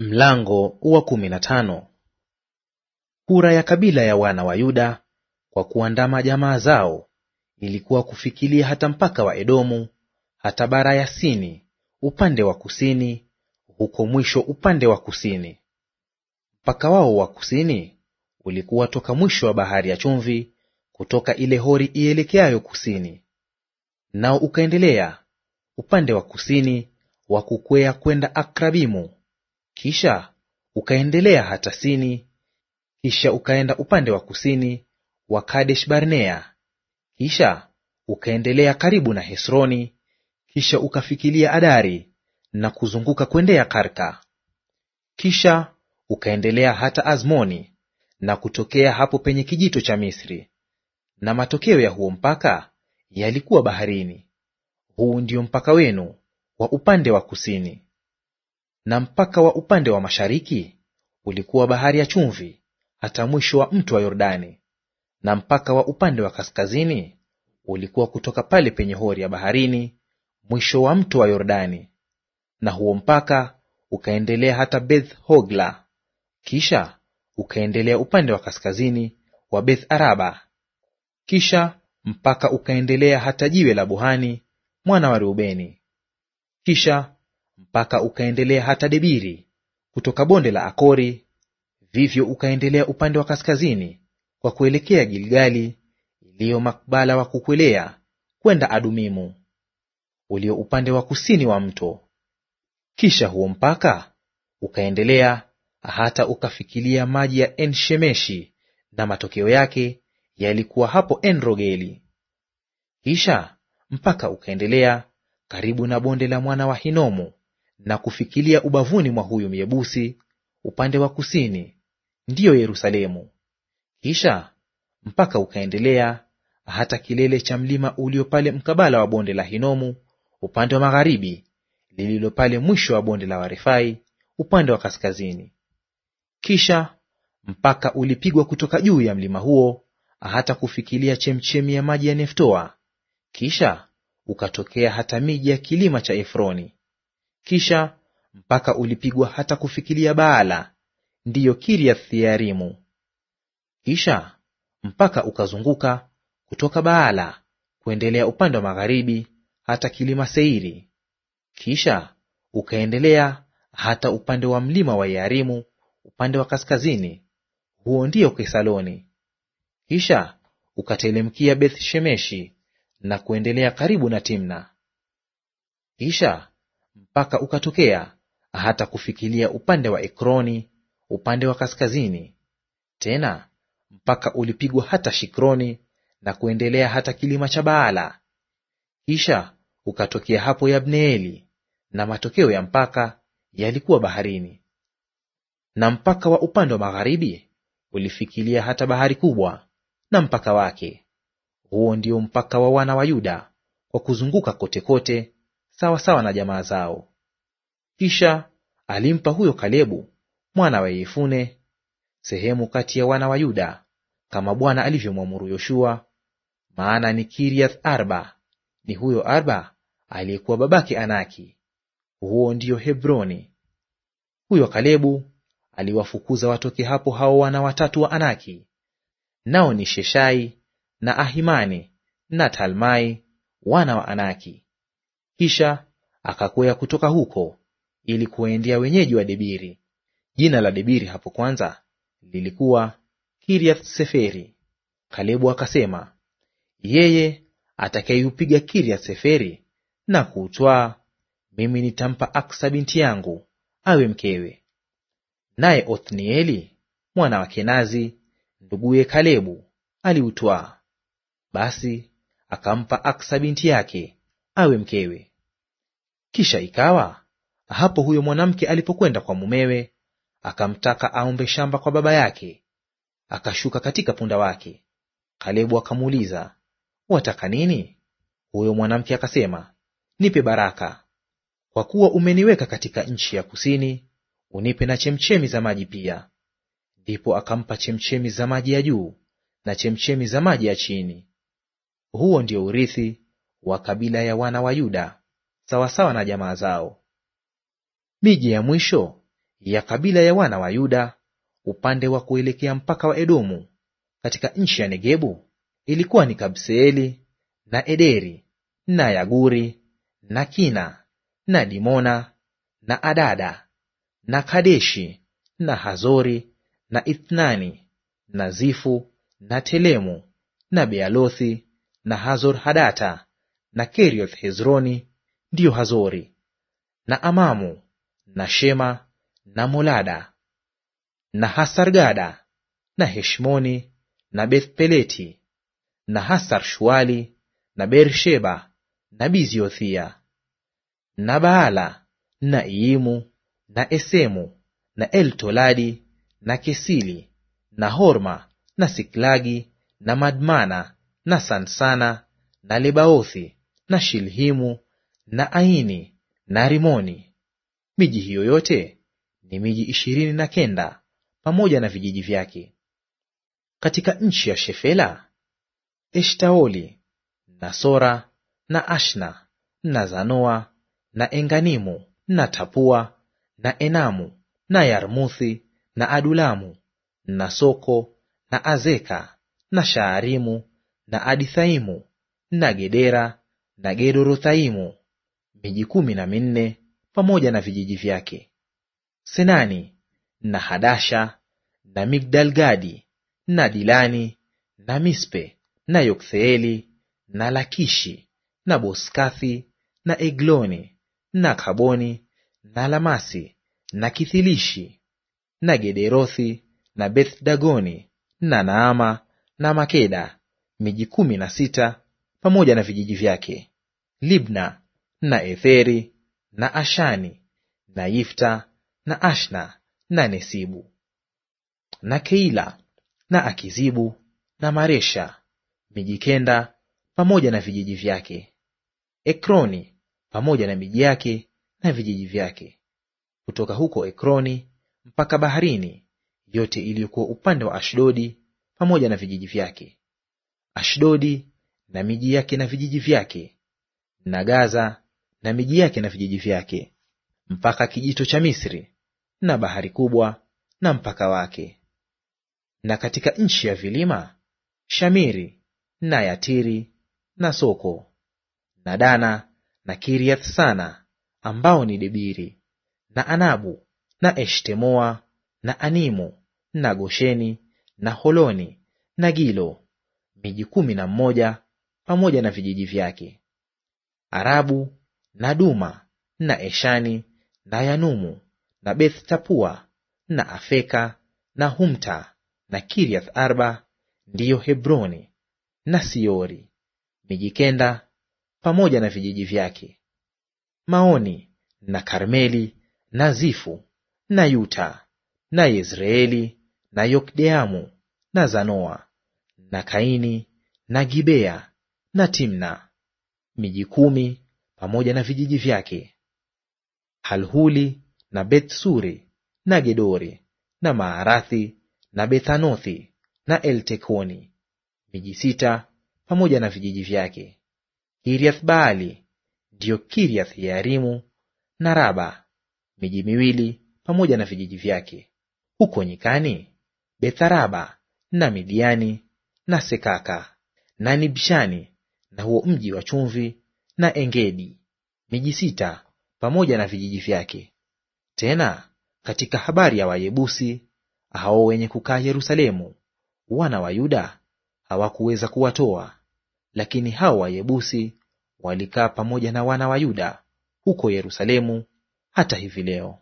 Mlango wa kumi na tano. Kura ya kabila ya wana wa Yuda kwa kuandama jamaa zao ilikuwa kufikilia hata mpaka wa Edomu, hata bara ya Sini upande wa kusini, huko mwisho upande wa kusini. Mpaka wao wa kusini ulikuwa toka mwisho wa bahari ya chumvi, kutoka ile hori ielekeayo kusini, nao ukaendelea upande wa kusini wa kukwea kwenda Akrabimu kisha ukaendelea hata Sini, kisha ukaenda upande wa kusini wa Kadesh Barnea, kisha ukaendelea karibu na Hesroni, kisha ukafikilia Adari na kuzunguka kwendea Karka, kisha ukaendelea hata Azmoni na kutokea hapo penye kijito cha Misri, na matokeo ya huo mpaka yalikuwa baharini. Huu ndio mpaka wenu wa upande wa kusini. Na mpaka wa upande wa mashariki ulikuwa bahari ya chumvi hata mwisho wa mto wa Yordani, na mpaka wa upande wa kaskazini ulikuwa kutoka pale penye hori ya baharini mwisho wa mto wa Yordani, na huo mpaka ukaendelea hata Beth Hogla, kisha ukaendelea upande wa kaskazini wa Beth Araba, kisha mpaka ukaendelea hata jiwe la Bohani mwana wa Reubeni, kisha mpaka ukaendelea hata Debiri kutoka bonde la Akori, vivyo ukaendelea upande wa kaskazini kwa kuelekea Gilgali iliyo makbala wa kukwelea kwenda Adumimu ulio upande wa kusini wa mto. Kisha huo mpaka ukaendelea hata ukafikilia maji ya enshemeshi na matokeo yake yalikuwa hapo Enrogeli. Kisha mpaka ukaendelea karibu na bonde la mwana wa Hinomu na kufikilia ubavuni mwa huyu Myebusi upande wa kusini, ndiyo Yerusalemu. Kisha mpaka ukaendelea hata kilele cha mlima ulio pale mkabala wa bonde la Hinomu upande wa magharibi, lililo pale mwisho wa bonde la Warefai upande wa kaskazini. Kisha mpaka ulipigwa kutoka juu ya mlima huo hata kufikilia chemchemi ya maji ya Neftoa, kisha ukatokea hata miji ya kilima cha Efroni. Kisha mpaka ulipigwa hata kufikilia Baala, ndiyo Kiriath Yearimu. Kisha mpaka ukazunguka kutoka Baala kuendelea upande wa magharibi hata kilima Seiri, kisha ukaendelea hata upande wa mlima wa Yearimu upande wa kaskazini, huo ndio Kesaloni. Kisha ukatelemkia Beth Shemeshi na kuendelea karibu na Timna. Kisha mpaka ukatokea hata kufikilia upande wa Ekroni upande wa kaskazini, tena mpaka ulipigwa hata Shikroni na kuendelea hata kilima cha Baala. Kisha ukatokea hapo Yabneeli, na matokeo ya mpaka yalikuwa baharini. Na mpaka wa upande wa magharibi ulifikilia hata bahari kubwa na mpaka wake. Huo ndio mpaka wa wana wa Yuda kwa kuzunguka kote kote sawa sawa na jamaa zao. Kisha alimpa huyo Kalebu mwana wa Yefune sehemu kati ya wana wa Yuda kama Bwana alivyomwamuru Yoshua, maana ni Kiriath Arba ni huyo Arba aliyekuwa babake Anaki. Huo ndiyo Hebroni. Huyo Kalebu aliwafukuza watoke hapo hao wana watatu wa Anaki, nao ni Sheshai na Ahimani na Talmai wana wa Anaki. Kisha akakwea kutoka huko ili kuwaendea wenyeji wa Debiri. Jina la Debiri hapo kwanza lilikuwa Kiriath Seferi. Kalebu akasema, yeye atakayeupiga Kiriath Seferi na kuutwaa, mimi nitampa Aksa binti yangu awe mkewe. Naye Othnieli mwana wa Kenazi nduguye Kalebu aliutwaa, basi akampa Aksa binti yake awe mkewe. Kisha ikawa hapo huyo mwanamke alipokwenda kwa mumewe, akamtaka aombe shamba kwa baba yake. Akashuka katika punda wake. Kalebu akamuuliza, wataka nini? Huyo mwanamke akasema, nipe baraka, kwa kuwa umeniweka katika nchi ya kusini, unipe na chemchemi za maji pia. Ndipo akampa chemchemi za maji ya juu na chemchemi za maji ya chini. Huo ndio urithi wa kabila ya wana wa Yuda sawasawa na jamaa zao. Miji ya mwisho ya kabila ya wana wa Yuda upande wa kuelekea mpaka wa Edomu katika nchi ya Negebu ilikuwa ni Kabseeli na Ederi na Yaguri na Kina na Dimona na Adada na Kadeshi na Hazori na Ithnani na Zifu na Telemu na Bealothi na Hazor Hadata na Kerioth Hezroni ndiyo Hazori na Amamu na Shema na Molada na Hasargada na Heshmoni na Bethpeleti na Hasar Shuali na Beersheba na Biziothia na Baala na Iimu na Esemu na Eltoladi na Kesili na Horma na Siklagi na Madmana na Sansana na Lebaothi na Shilhimu na Aini na Rimoni. Miji hiyo yote ni miji ishirini na kenda pamoja na vijiji vyake. Katika nchi ya Shefela, Eshtaoli na Sora na Ashna na Zanoa na Enganimu na Tapua na Enamu na Yarmuthi na Adulamu na Soko na Azeka na Shaarimu na Adithaimu na Gedera na Gedorothaimu miji kumi na minne pamoja na vijiji vyake. Senani na Hadasha na Migdalgadi na Dilani na Mispe na Yoktheeli na Lakishi na Boskathi na Egloni na Kaboni na Lamasi na Kithilishi na Gederothi na Beth Dagoni na Naama na Makeda miji kumi na sita pamoja na vijiji vyake. Libna na Etheri na Ashani na Yifta na Ashna na Nesibu na Keila na Akizibu na Maresha miji kenda pamoja na vijiji vyake, Ekroni pamoja na miji yake na vijiji vyake, kutoka huko Ekroni mpaka baharini yote iliyokuwa upande wa Ashdodi pamoja na vijiji vyake, Ashdodi na miji yake na vijiji vyake, na Gaza na miji yake na vijiji vyake, mpaka kijito cha Misri na bahari kubwa na mpaka wake. Na katika nchi ya vilima Shamiri na Yatiri na Soko na Dana na Kiriath sana ambao ni Debiri na Anabu na Eshtemoa na Animu na Gosheni na Holoni na Gilo, miji kumi na mmoja pamoja na vijiji vyake. Arabu na Duma na Eshani na Yanumu na Beth Tapua na Afeka na Humta na Kiriath Arba, ndiyo Hebroni na Siori, miji kenda pamoja na vijiji vyake, Maoni na Karmeli na Zifu na Yuta na Yezreeli na Yokdeamu na Zanoa na Kaini na Gibea na Timna, miji kumi pamoja na vijiji vyake, Halhuli na Bethsuri na Gedori na Maarathi na Bethanothi na Eltekoni, miji sita pamoja na vijiji vyake. Kiriath Baali ndiyo Kiriath Yearimu na Raba, miji miwili pamoja na vijiji vyake. Huko nyikani, Betharaba na Midiani na Sekaka na Nibshani na huo mji wa chumvi na Engedi, miji sita pamoja na vijiji vyake. Tena katika habari ya Wayebusi hao wenye kukaa Yerusalemu, wana wa Yuda hawakuweza kuwatoa, lakini hao Wayebusi walikaa pamoja na wana wa Yuda huko Yerusalemu hata hivi leo.